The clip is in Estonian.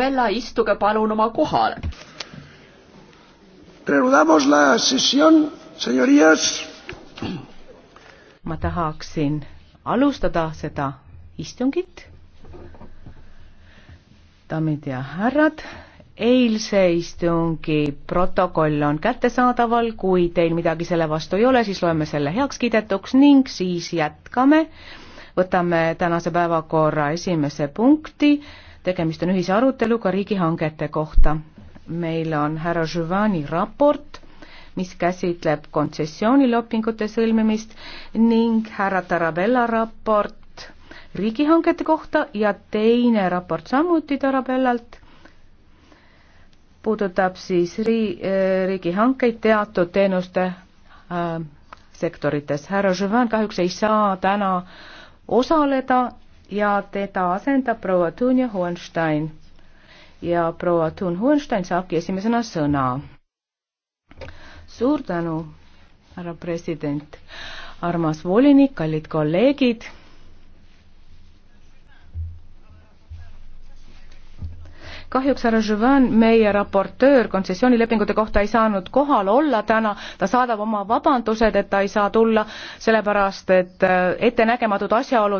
Tarabella, istuge palun oma kohale. ma tahaksin alustada seda istungit. daamid ja härrad, eilse istungi protokoll on kättesaadaval, kui teil midagi selle vastu ei ole, siis loeme selle heakskiidetuks ning siis jätkame võtame tänase päevakorra esimese punkti tegemist on ühise aruteluga riigihangete kohta. meil on härra Giovanni raport, mis käsitleb kontsessioonilopingute sõlmimist ning härra Tarabella raport riigihangete kohta ja teine raport samuti Tarabellalt puudutab siis rii-, äh, riigihankeid teatud teenuste äh, sektorites. härra Jouvin kahjuks ei saa täna osaleda ja teda asendab proua Tunja Hohenstein. ja proua Tun Hohenstein saabki esimesena sõna. suur tänu, härra president, armas volinik, kallid kolleegid. kahjuks härra Juvin, meie raportöör kontsessioonilepingute kohta ei saanud kohal olla täna, ta saadab oma vabandused, et ta ei saa tulla, sellepärast et äh, ettenägematud asjaolud